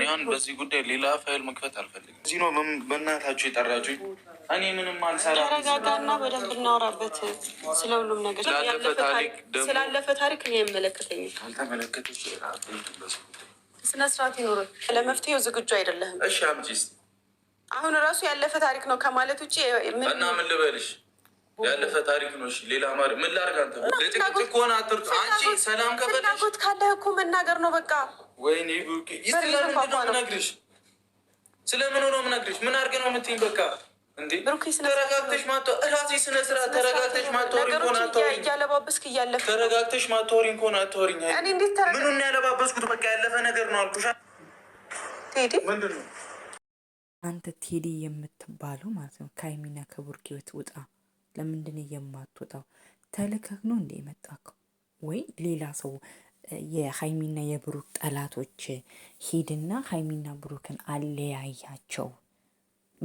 አሁን በዚህ ጉዳይ ሌላ ፋይል መክፈት አልፈልግም። እዚህ ነው በእናታችሁ የጠራችሁኝ። እኔ ምንም አልሰራም። ተረጋጋና በደንብ እናወራበት ስለሁሉም ነገር ስላለፈ ታሪክ እኔ አይመለከተኝም። ስነ ስርዓት ይኖረ ለመፍትሄው ዝግጁ አይደለህም። እሺ አምጪ እስኪ። አሁን እራሱ ያለፈ ታሪክ ነው ከማለት ውጭ እና ምን ልበልሽ? ያለፈ ታሪክ ነው። እሺ ሌላ ማሪ ምን ላድርግ? አንተ ለጭቅጭቅ ከሆነ አትርቱ። አንቺ ሰላም ከፈለሽ ፍላጎት ካለህ እኮ መናገር ነው በቃ ወይኔ ብሩኬ ነግርሽ ስለምን ሆኖ ምነግርሽ ምን አድርገህ ነው የምትይኝ? በቃ እንዴ ተረጋግተሽ ማቶ እራሴ ስነ ስርዓት ተረጋግተሽ ማታወሪኝ ከሆነ አታወሪኝ። እያለባበስክ እያለፍክ ተረጋግተሽ ማታወሪኝ ከሆነ አታወሪኝ። ምኑን ያለባበስኩት በቃ ያለፈ ነገር ነው አልኩሽ። ቴዲ ምንድን ነው አንተ ቴዲ የምትባለው ማለት ነው ከሀይሚና ከብሩኬ ህይወት ውጣ። ለምንድን የማትወጣው? ተልከክ ነው እንደ የመጣከው ወይ ሌላ ሰው የሀይሚና የብሩክ ጠላቶች ሂድና ሀይሚና ብሩክን አለያያቸው።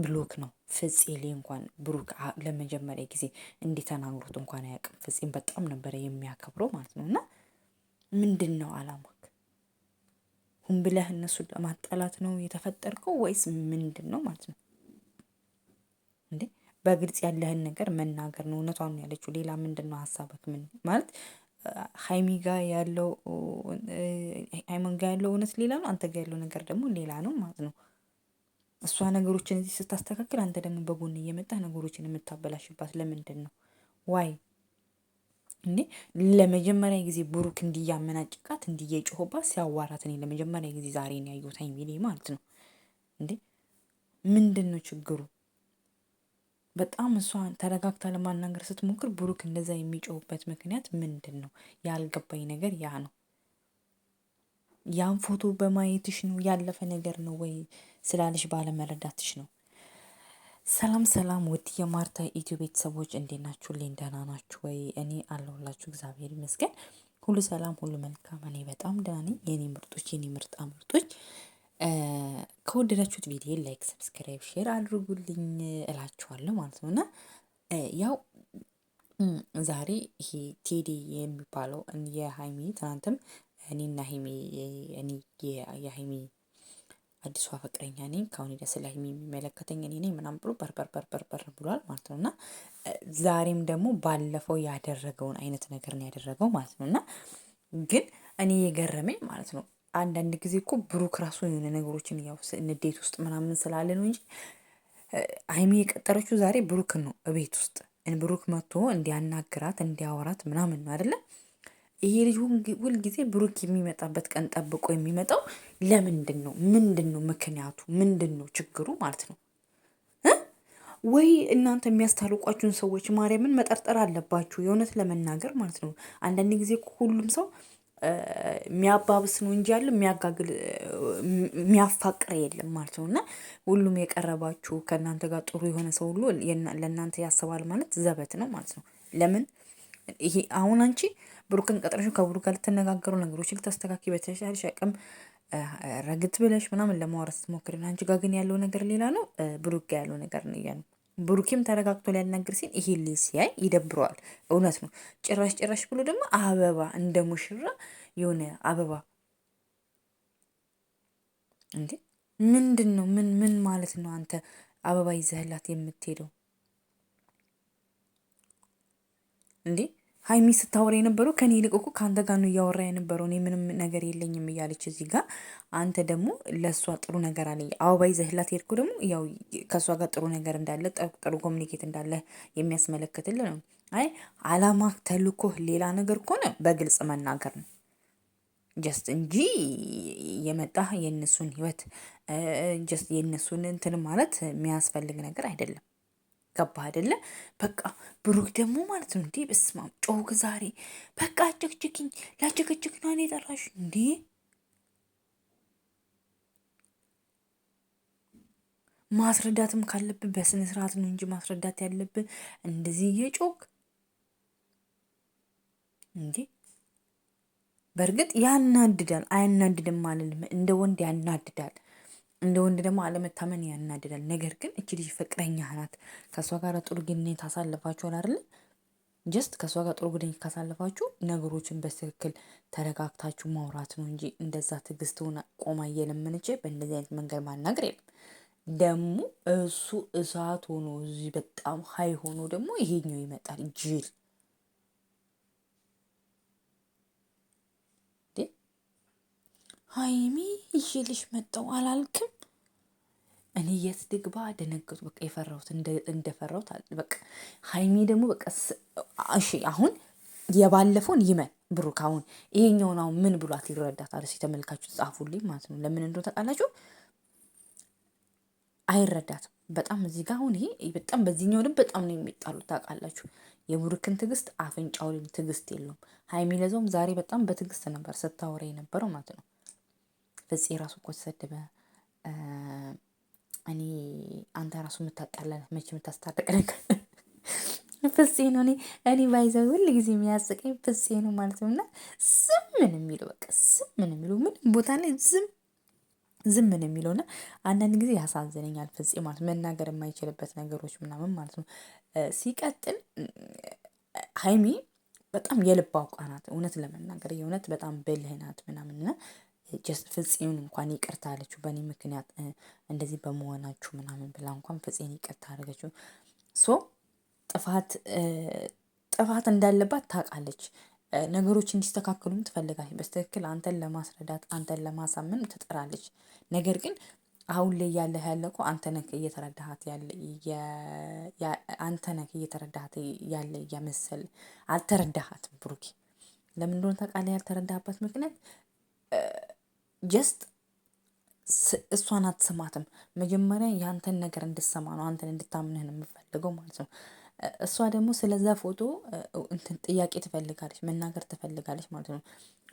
ብሎክ ነው ፍጼሌ እንኳን ብሩክ ለመጀመሪያ ጊዜ እንዲተናግሩት እንኳን አያውቅም። ፍፄም በጣም ነበረ የሚያከብረው ማለት ነው። እና ምንድን ነው አላማክ? ሁን ብለህ እነሱን ለማጠላት ነው የተፈጠርከው ወይስ ምንድን ነው ማለት ነው እንዴ? በግልጽ ያለህን ነገር መናገር ነው። እውነቷን ያለችው ሌላ ምንድን ነው ሀሳብህ? ምን ማለት ሀይሚ ጋር ያለው ያለው እውነት ሌላ ነው፣ አንተ ጋር ያለው ነገር ደግሞ ሌላ ነው ማለት ነው። እሷ ነገሮችን እዚህ ስታስተካክል፣ አንተ ደግሞ በጎን እየመጣህ ነገሮችን የምታበላሽባት ለምንድን ነው? ዋይ እንዴ ለመጀመሪያ ጊዜ ብሩክ እንዲያመናጭቃት እንዲየጮህባት ሲያዋራት እኔ ለመጀመሪያ ጊዜ ዛሬ ነው ያየሁት ቪዲዮ ማለት ነው። እንዴ ምንድን ነው ችግሩ? በጣም እሷን ተረጋግታ ለማናገር ስትሞክር ብሩክ እንደዛ የሚጮውበት ምክንያት ምንድን ነው? ያልገባኝ ነገር ያ ነው። ያን ፎቶ በማየትሽ ነው? ያለፈ ነገር ነው ወይ ስላለሽ ባለመረዳትሽ ነው? ሰላም ሰላም፣ ውድ የማርታ ኢትዮ ቤተሰቦች እንዴት ናችሁ? ልኝ ደህና ናችሁ ወይ? እኔ አለሁላችሁ፣ እግዚአብሔር ይመስገን፣ ሁሉ ሰላም፣ ሁሉ መልካም። እኔ በጣም ደህና ነኝ። የኔ ምርጦች፣ የኔ ምርጣ ምርጦች ከወደዳችሁት ቪዲዮ ላይክ፣ ሰብስክራይብ፣ ሼር አድርጉልኝ እላችኋለሁ ማለት ነው እና ያው ዛሬ ይሄ ቴዲ የሚባለው የሀይሚ ትናንትም እኔና ሀይሚ እኔ የሀይሚ አዲሷ ፍቅረኛ ነኝ ከአሁን ሄዳ ስለ ሀይሚ የሚመለከተኝ እኔ ነኝ ምናምን ብሎ በርበር ብሏል ማለት ነው እና ዛሬም ደግሞ ባለፈው ያደረገውን አይነት ነገር ነው ያደረገው ማለት ነው እና ግን እኔ የገረመኝ ማለት ነው አንዳንድ ጊዜ እኮ ብሩክ ራሱ የሆነ ነገሮችን ያው ንዴት ውስጥ ምናምን ስላለ ነው እንጂ ሀይሚ የቀጠረችው ዛሬ ብሩክን ነው እቤት ውስጥ ብሩክ መጥቶ እንዲያናግራት እንዲያወራት ምናምን ነው አይደለ? ይሄ ልጅ ሁልጊዜ ብሩክ የሚመጣበት ቀን ጠብቆ የሚመጣው ለምንድን ነው? ምንድን ነው ምክንያቱ? ምንድን ነው ችግሩ ማለት ነው። ወይ እናንተ የሚያስታልቋችሁን ሰዎች ማርያምን መጠርጠር አለባችሁ። የእውነት ለመናገር ማለት ነው። አንዳንድ ጊዜ ሁሉም ሰው የሚያባብስ ነው እንጂ ያለው የሚያጋግል የሚያፋቅር የለም ማለት ነው። እና ሁሉም የቀረባችሁ ከእናንተ ጋር ጥሩ የሆነ ሰው ሁሉ ለእናንተ ያስባል ማለት ዘበት ነው ማለት ነው። ለምን ይሄ አሁን አንቺ ብሩክን ቀጥረሽ ከብሩክ ጋር ልትነጋገሩ ነገሮችን ልታስተካኪ በተሻለሽ አቅም ረግት ብለሽ ምናምን ለማውራት ስትሞክሪ፣ አንቺ ጋር ግን ያለው ነገር ሌላ ነው። ብሩክ ጋር ያለው ነገር ነው ብሩኬም ተረጋግቶ ሊያናግር ሲል ይሄ ልጅ ሲያይ ይደብረዋል። እውነት ነው። ጭራሽ ጭራሽ ብሎ ደግሞ አበባ እንደ ሙሽራ የሆነ አበባ እንዴ! ምንድን ነው? ምን ምን ማለት ነው? አንተ አበባ ይዘህላት የምትሄደው እንዴ? ሀይሚ ስታወራ የነበረው ከኔ ይልቅ እኮ ከአንተ ጋር ነው እያወራ የነበረው፣ እኔ ምንም ነገር የለኝም እያለች እዚህ ጋር አንተ ደግሞ ለእሷ ጥሩ ነገር አለ አበባ ይዘህላት ሄድኩ ደግሞ ያው ከእሷ ጋር ጥሩ ነገር እንዳለ ጥሩ ኮሚኒኬት እንዳለ የሚያስመለክትል ነው። አይ አላማ ተልኮ ሌላ ነገር ከሆነ በግልጽ መናገር ነው ጀስት እንጂ የመጣ የእነሱን ህይወት ጀስት የእነሱን እንትን ማለት የሚያስፈልግ ነገር አይደለም። ገባ አይደለ? በቃ ብሩክ ደግሞ ማለት ነው እንዲህ በስማም ጮክ ዛሬ በቃ አጨቅጭቅኝ ላጨቅጭቅ ነው የጠራሽ ጠራሽ እንዴ? ማስረዳትም ካለብህ በስነ ስርዓት ነው እንጂ ማስረዳት ያለብህ እንደዚህ የጮክ እንዴ። በእርግጥ ያናድዳል፣ አያናድድም አልልም፣ እንደ ወንድ ያናድዳል። እንደ ወንድ ደግሞ አለመታመን ያናድዳል። ነገር ግን እች ልጅ ፍቅረኛ ናት። ከእሷ ጋር ጥሩ ግንኙነት ታሳልፋችኋል አይደለ? ጀስት ከእሷ ጋር ጥሩ ግንኙነት ካሳልፋችሁ ነገሮችን በትክክል ተረጋግታችሁ ማውራት ነው እንጂ እንደዛ ትዕግስት ሆና ቆማ እየለመነች በእንደዚህ አይነት መንገድ ማናገር የለም። ደግሞ እሱ እሳት ሆኖ እዚህ በጣም ሀይ ሆኖ ደግሞ ይሄኛው ይመጣል ጅል ሀይሚ ይዤልሽ መጣሁ አላልክም? እኔ የት ልግባ ደነገጡ። በቃ የፈራሁት እንደፈራሁት በቃ ሀይሚ ደግሞ በቃ እሺ፣ አሁን የባለፈውን ይመን ብሩክ፣ አሁን ይሄኛውን አሁን ምን ብሏት ይረዳታል? እስኪ ተመልካችሁ ጻፉልኝ ማለት ነው። ለምን እንደሆነ ታውቃላችሁ? አይረዳትም በጣም እዚህ ጋር አሁን ይሄ በጣም በዚህኛው ልብ በጣም ነው የሚጣሉት ታውቃላችሁ። የብሩክን ትዕግስት አፍንጫው ትዕግስት የለውም። ሀይሚ ለዛውም ዛሬ በጣም በትዕግስት ነበር ስታወራ የነበረው ማለት ነው። ፍፄ ራሱ እኮ ተሰደበ። እኔ አንተ ራሱ የምታቃለለ መቼ የምታስታርቅ ነገር ፍፄ ነው። እኔ እኔ ባይዘ ሁል ጊዜ የሚያስቀኝ ፍፄ ነው ማለት ነው። እና ዝም ምን የሚሉ በቃ ዝም ምን የሚሉ ምንም ቦታ ላይ ዝም ዝም ምን የሚለው እና አንዳንድ ጊዜ ያሳዝነኛል ፍፄ ማለት መናገር የማይችልበት ነገሮች ምናምን ማለት ነው። ሲቀጥል ሀይሚ በጣም የልብ አውቃ ናት። እውነት ለመናገር የእውነት በጣም ብልህ ናት ምናምን ፍፄን እንኳን ይቅርታ አለችው በእኔ ምክንያት እንደዚህ በመሆናችሁ ምናምን ብላ እንኳን ፍፄን ይቅርታ አደረገችው። ሶ ጥፋት ጥፋት እንዳለባት ታውቃለች። ነገሮች እንዲስተካከሉም ትፈልጋለች። በትክክል አንተን ለማስረዳት አንተን ለማሳመን ትጥራለች። ነገር ግን አሁን ላይ ያለ ያለቁ አንተ ነህ እየተረዳሃት ያለ አንተ ነህ እየተረዳሃት ያለ እያመሰል አልተረዳሃትም። ብሩኬ ለምን እንደሆነ ታውቃለህ? ያልተረዳህበት ምክንያት ጀስት እሷን አትሰማትም። መጀመሪያ የአንተን ነገር እንድትሰማ ነው፣ አንተን እንድታምንህ ነው የምፈልገው ማለት ነው። እሷ ደግሞ ስለዛ ፎቶ እንትን ጥያቄ ትፈልጋለች፣ መናገር ትፈልጋለች ማለት ነው።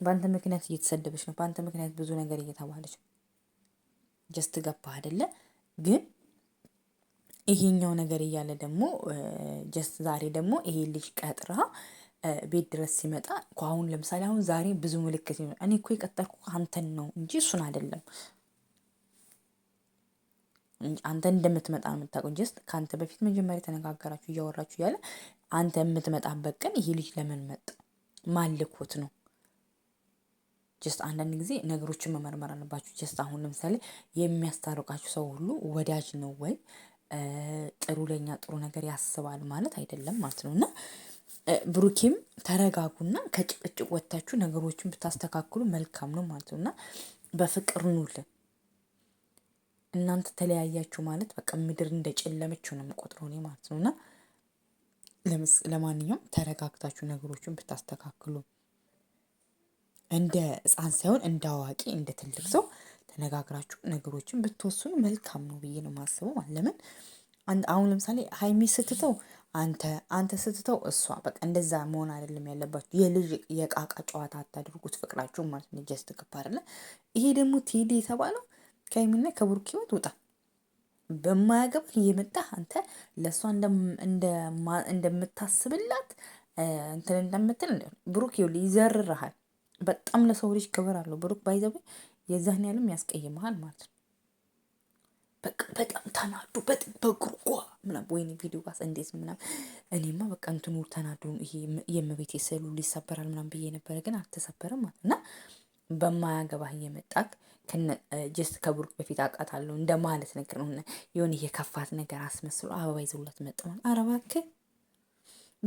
በአንተ ምክንያት እየተሰደበች ነው፣ በአንተ ምክንያት ብዙ ነገር እየተባለች ነው። ጀስት ገባ አይደለ? ግን ይሄኛው ነገር እያለ ደግሞ ጀስት ዛሬ ደግሞ ይሄ ልጅ ቀጥራ ቤት ድረስ ሲመጣ እኮ አሁን ለምሳሌ አሁን ዛሬ ብዙ ምልክት ይኖ እኔ እኮ የቀጠርኩ አንተን ነው እንጂ እሱን አይደለም። አንተ እንደምትመጣ ነው የምታውቀው እንጂ ከአንተ በፊት መጀመሪያ የተነጋገራችሁ እያወራችሁ እያለ አንተ የምትመጣበት ቀን ይሄ ልጅ ለምን መጣ ማልኮት ነው። ጀስት አንዳንድ ጊዜ ነገሮችን መመርመር አለባችሁ። ጀስት አሁን ለምሳሌ የሚያስታርቃችሁ ሰው ሁሉ ወዳጅ ነው ወይ ጥሩ ለኛ ጥሩ ነገር ያስባል ማለት አይደለም ማለት ነው እና ብሩኬም ተረጋጉና ከጭቅጭቅ ወጥታችሁ ነገሮችን ብታስተካክሉ መልካም ነው ማለት ነው እና በፍቅር ኑልን። እናንተ ተለያያችሁ ማለት በቃ ምድር እንደጨለመች ነው የምቆጥረው እኔ ማለት ነው እና ለማንኛውም ተረጋግታችሁ ነገሮችን ብታስተካክሉ እንደ ህፃን ሳይሆን እንደ አዋቂ እንደ ትልቅ ሰው ተነጋግራችሁ ነገሮችን ብትወስኑ መልካም ነው ብዬ ነው የማስበው። ለምን አሁን ለምሳሌ ሀይሚ ስትተው አንተ አንተ ስትተው እሷ በቃ እንደዛ መሆን አይደለም ያለባችሁ። የልጅ የቃቃ ጨዋታ አታድርጉት ፍቅራችሁ ማለት ነው። ጀስት ክባርለ ይሄ ደግሞ ቴዲ የተባለው ከሚና ከብሩክ ህይወት ውጣ። በማያገባ እየመጣ አንተ ለእሷ እንደምታስብላት እንትን እንደምትል ብሩክ ይኸውልህ ይዘርርሃል። በጣም ለሰው ልጅ ክብር አለው ብሩክ ባይዘቡ የዛህን ያለም ያስቀይመሃል ማለት ነው። በቃ በጣም ተናዱ በጥበቅ በእግሩ ምናምን ወይኔ ቪዲዮ ጋር እንዴት ነው ምናምን። እኔማ በቃ እንትኑ ተናዱ ይሄ የእመቤቴ ስዕሉ ሊሰበራል ምናምን ብዬ ነበረ፣ ግን አልተሰበረም ማለት እና በማያገባህ እየመጣክ ጀስት ከብሩክ በፊት አውቃታለሁ እንደ ማለት ነገር ነው። የሆነ የከፋት ነገር አስመስሎ አበባ ይዘውላት መጥተዋል። ኧረ እባክህ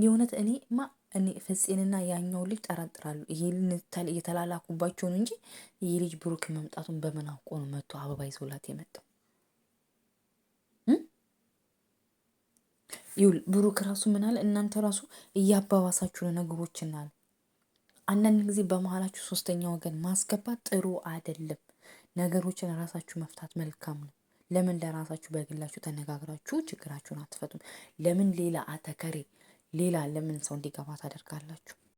የእውነት ማ እኔ ፍፄንና ያኛው ልጅ ጠረጥራሉ። ይሄ ነው እንጂ ይህ ልጅ ብሩክ መምጣቱን በምን አውቆ ነው መጥቶ አበባ ይዘውላት የመጣው? ይሁል ብሩክ ራሱ አለ? እናንተ ራሱ እያባባሳችሁ ነገሮች አለ። አንዳንድ ጊዜ በመሀላችሁ ሶስተኛ ወገን ማስገባት ጥሩ አይደለም። ነገሮችን ራሳችሁ መፍታት መልካም ነው። ለምን ለራሳችሁ በግላችሁ ተነጋግራችሁ ችግራችሁን አትፈቱም? ለምን ሌላ አተከሬ ሌላ ለምን ሰው እንዲገባ ታደርጋላችሁ?